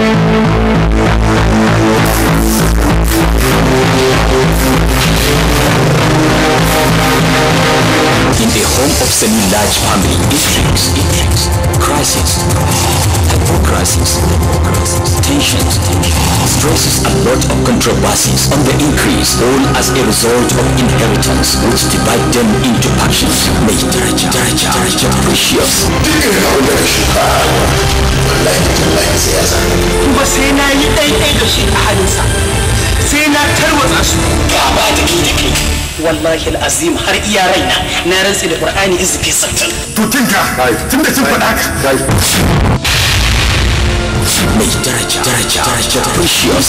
In the home of semi-large family, intrigues, intrigues, crisis. crisis, tensions, stresses and lot of controversies on the increase, all as a result of inheritance which divide them into factions, made daraja, daraja, daraja, precious. Kuma sai na yi ɗaiɗai da shi a sai na tarwatsa su. Gaba da ke da ke. wallahi azim har iya raina na rantsi da qur'ani izifi sattin ka tun da kin faɗa ka mai daraja daraja daraja precious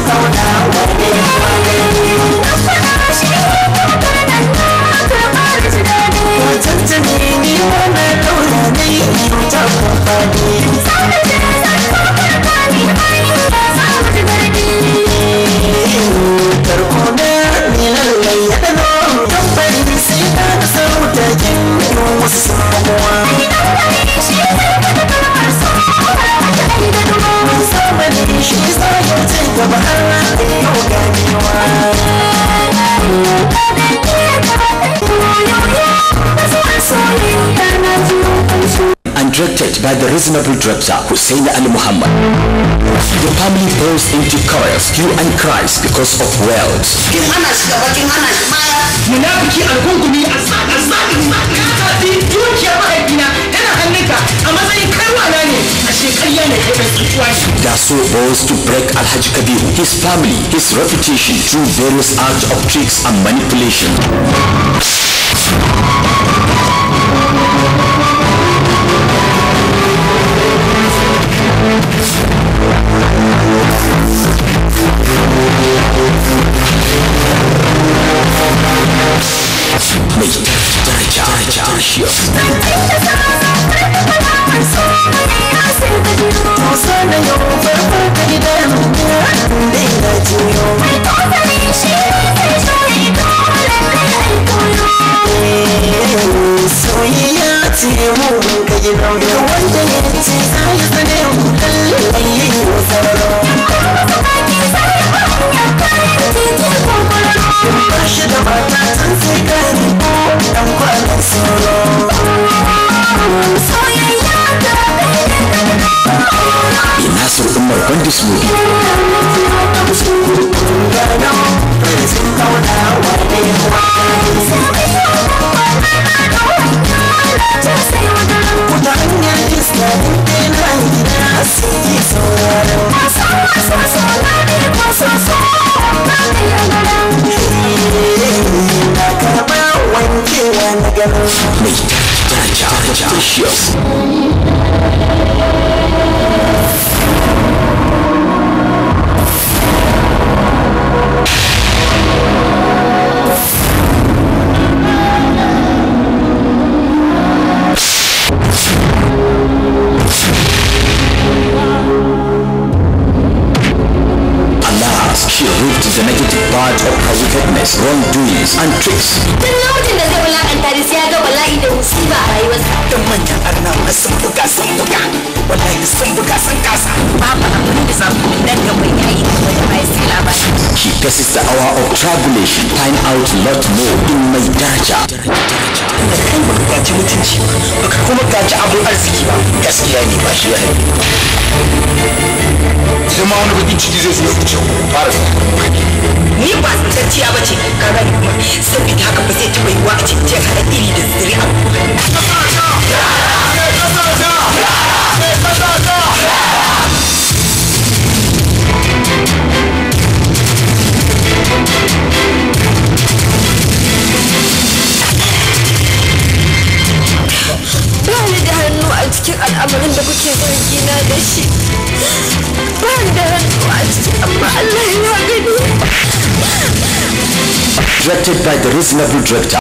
directed by the reasonable director Hussein Ali Muhammad. The family falls into chaos, you and Christ because of wealth. Munafiki alkunkumi a tsakin mahaifina yana hannunka a matsayin kaiwana ne a Daso to break Alhaji Kabiru, his family, his reputation through various acts of tricks and manipulation. mai daraja daraja Sonayo farfar da gidan mu Delicious. is a negative part of wickedness, wrongdoings, and tricks. tun lokacin da zai wulakanta da sai ya ga bala'i da musiba a rayuwarsa. Duk manyan arnawa sun buga sun buga, wallahi sun kasa. Babu abin da za nan gaba yayi da bai sai labari. She passes the hour of tribulation, find out lot more in mai daraja. Daraja, daraja, daraja. mutunci ba baka kuma gaji abin arziki ba gaskiya ne ba shi ya sai ma wani bakin ciki zai zuwa zuciya fara su ni ba tacciya ba ce kuma saboda haka ba zai taɓa yiwa a cikin jiya iri da zuri a cikin al'amarin da kuke zargi na da shi ba da hannu cikin amma Allah ya gani directed by the reasonable director